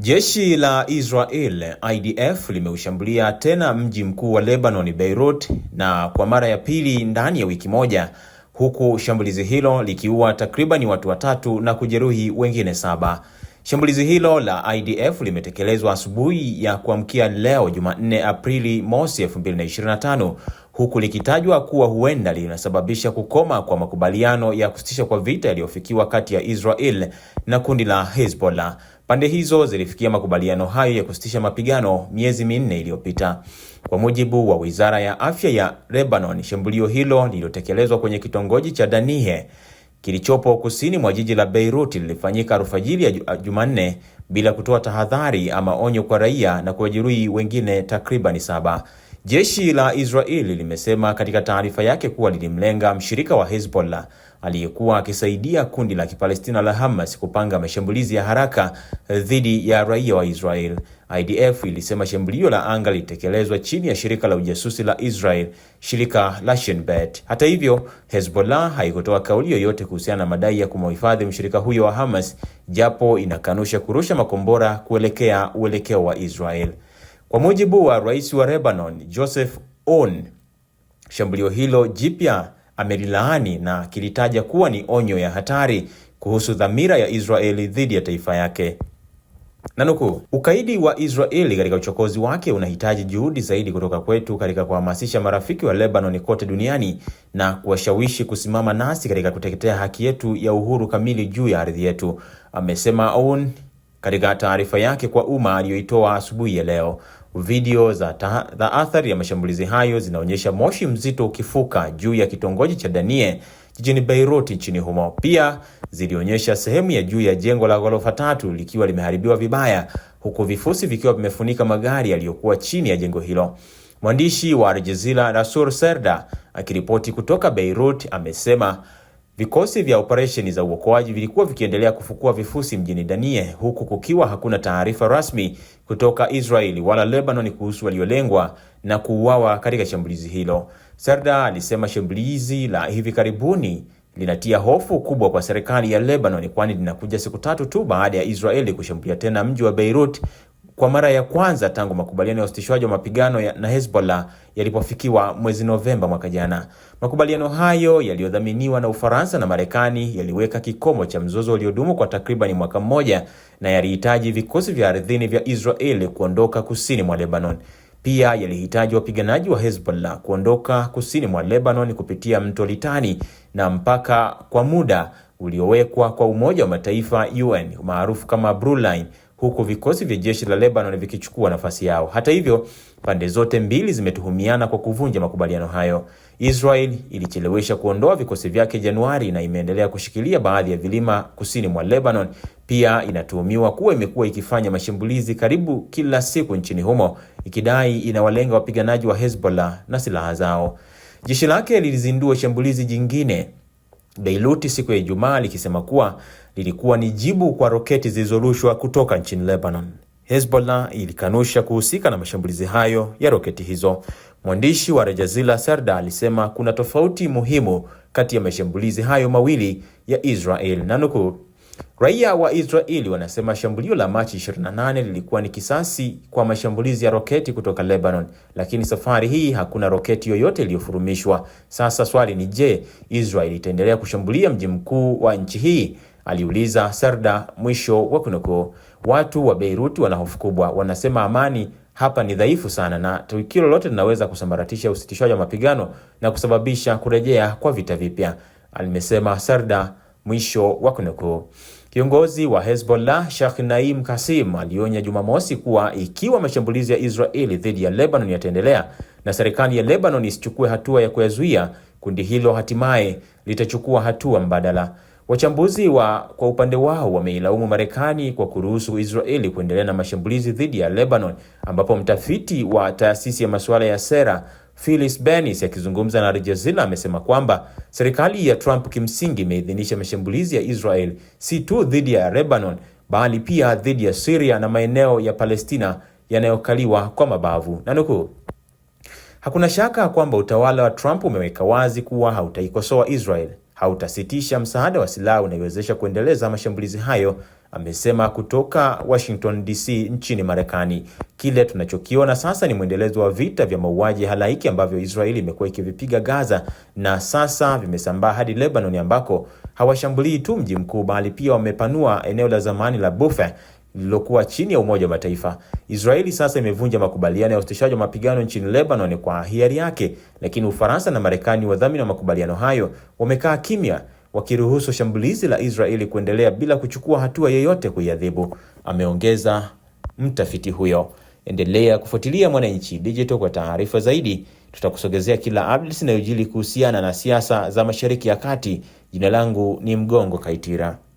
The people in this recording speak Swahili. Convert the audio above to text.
Jeshi la Israel IDF limeushambulia tena mji mkuu wa Lebanon, Beirut, na kwa mara ya pili ndani ya wiki moja, huku shambulizi hilo likiua takribani watu watatu na kujeruhi wengine saba. Shambulizi hilo la IDF limetekelezwa asubuhi ya kuamkia leo Jumanne, Aprili mosi 2025, huku likitajwa kuwa huenda linasababisha kukoma kwa makubaliano ya kusitisha kwa vita yaliyofikiwa kati ya Israel na kundi la Hezbollah. Pande hizo zilifikia makubaliano hayo ya kusitisha mapigano miezi minne iliyopita. Kwa mujibu wa Wizara ya Afya ya Lebanon, shambulio hilo lililotekelezwa kwenye kitongoji cha Danihe kilichopo kusini mwa jiji la Beirut lilifanyika alfajiri ya Jumanne bila kutoa tahadhari ama onyo kwa raia na kuwajeruhi wengine takribani saba. Jeshi la Israeli limesema katika taarifa yake kuwa lilimlenga mshirika wa Hezbollah aliyekuwa akisaidia kundi la Kipalestina la Hamas kupanga mashambulizi ya haraka dhidi ya raia wa Israel. IDF ilisema shambulio la anga lilitekelezwa chini ya shirika la ujasusi la Israel, shirika la Shin Bet. Hata hivyo, Hezbollah haikutoa kauli yoyote kuhusiana na madai ya kumhifadhi mshirika huyo wa Hamas, japo inakanusha kurusha makombora kuelekea uelekeo wa Israel. Kwa mujibu wa rais wa Lebanon Joseph Aoun, shambulio hilo jipya amelilaani na akilitaja kuwa ni onyo ya hatari kuhusu dhamira ya Israeli dhidi ya taifa yake. Nanukuu, ukaidi wa Israeli katika uchokozi wake unahitaji juhudi zaidi kutoka kwetu katika kuhamasisha marafiki wa Lebanon kote duniani na kuwashawishi kusimama nasi katika kutetea haki yetu ya uhuru kamili juu ya ardhi yetu, amesema Aoun. Katika taarifa yake kwa umma aliyoitoa asubuhi ya leo, video za, the athari ya mashambulizi hayo zinaonyesha moshi mzito ukifuka juu ya kitongoji cha Danie jijini Beirut nchini humo. Pia zilionyesha sehemu ya juu ya jengo la ghorofa tatu likiwa limeharibiwa vibaya, huku vifusi vikiwa vimefunika magari yaliyokuwa chini ya jengo hilo. Mwandishi wa Al Jazeera Rasul Serda akiripoti kutoka Beirut amesema Vikosi vya operesheni za uokoaji vilikuwa vikiendelea kufukua vifusi mjini Danie huku kukiwa hakuna taarifa rasmi kutoka Israeli wala Lebanon kuhusu waliolengwa na kuuawa katika shambulizi hilo. Serda alisema shambulizi la hivi karibuni linatia hofu kubwa kwa serikali ya Lebanon kwani linakuja siku tatu tu baada ya Israeli kushambulia tena mji wa Beirut kwa mara ya kwanza tangu makubaliano ya usitishwaji wa mapigano ya na Hezbollah yalipofikiwa mwezi Novemba mwaka jana. Makubaliano hayo yaliyodhaminiwa na Ufaransa na Marekani yaliweka kikomo cha mzozo uliodumu kwa takribani mwaka mmoja na yalihitaji vikosi vya ardhini vya Israeli kuondoka kusini mwa Lebanon. Pia yalihitaji wapiganaji wa Hezbollah kuondoka kusini mwa Lebanon kupitia mto Litani na mpaka kwa muda uliowekwa kwa Umoja wa Mataifa UN maarufu kama Blue Line huku vikosi vya jeshi la Lebanon vikichukua nafasi yao. Hata hivyo, pande zote mbili zimetuhumiana kwa kuvunja makubaliano hayo. Israel ilichelewesha kuondoa vikosi vyake Januari na imeendelea kushikilia baadhi ya vilima kusini mwa Lebanon. Pia inatuhumiwa kuwa imekuwa ikifanya mashambulizi karibu kila siku nchini humo, ikidai inawalenga wapiganaji wa Hezbollah na silaha zao. Jeshi lake lilizindua shambulizi jingine Beiruti siku ya Ijumaa likisema kuwa lilikuwa ni jibu kwa roketi zilizorushwa kutoka nchini Lebanon. Hezbollah ilikanusha kuhusika na mashambulizi hayo ya roketi hizo. Mwandishi wa Aljazira Sarda alisema kuna tofauti muhimu kati ya mashambulizi hayo mawili ya Israel na nukuu Raia wa Israeli wanasema shambulio la Machi 28 lilikuwa ni kisasi kwa mashambulizi ya roketi kutoka Lebanon, lakini safari hii hakuna roketi yoyote iliyofurumishwa. Sasa swali ni je, Israeli itaendelea kushambulia mji mkuu wa nchi hii? aliuliza Sarda. Mwisho wa kunukuu. Watu wa Beirut wana hofu kubwa, wanasema amani hapa ni dhaifu sana na tukio lolote linaweza kusambaratisha usitishaji wa mapigano na kusababisha kurejea kwa vita vipya, alimesema Sarda. Mwisho wa kunukuu. Kiongozi wa Hezbollah Sheikh Naim Kasim alionya Jumamosi kuwa ikiwa mashambulizi ya Israeli dhidi ya Lebanon yataendelea na serikali ya Lebanon isichukue hatua ya kuyazuia, kundi hilo hatimaye litachukua hatua mbadala. Wachambuzi wa kwa upande wao wameilaumu Marekani kwa kuruhusu Israeli kuendelea na mashambulizi dhidi ya Lebanon, ambapo mtafiti wa taasisi ya masuala ya sera Philips Bernis akizungumza na Al Jazeera amesema kwamba serikali ya Trump kimsingi imeidhinisha mashambulizi ya Israel si tu dhidi ya Lebanon bali pia dhidi ya Syria na maeneo ya Palestina yanayokaliwa kwa mabavu. Na nukuu, hakuna shaka kwamba utawala wa Trump umeweka wazi kuwa hautaikosoa Israel hautasitisha msaada wa silaha unaiwezesha kuendeleza mashambulizi hayo, amesema kutoka Washington DC nchini Marekani. Kile tunachokiona sasa ni mwendelezo wa vita vya mauaji halaiki ambavyo Israeli imekuwa ikivipiga Gaza na sasa vimesambaa hadi Lebanon ambako hawashambulii tu mji mkuu bali pia wamepanua eneo la zamani la Bufa lililokuwa chini ya Umoja wa Mataifa. Israeli sasa imevunja makubaliano ya usitishaji wa mapigano nchini Lebanon kwa hiari yake, lakini Ufaransa na Marekani, wadhamini wa makubaliano hayo, wamekaa kimya wakiruhusu shambulizi la Israeli kuendelea bila kuchukua hatua yoyote kuiadhibu, ameongeza mtafiti huyo. Endelea kufuatilia Mwananchi Digital kwa taarifa zaidi. Tutakusogezea kila updates inayojili kuhusiana na siasa za Mashariki ya Kati. Jina langu ni Mgongo Kaitira.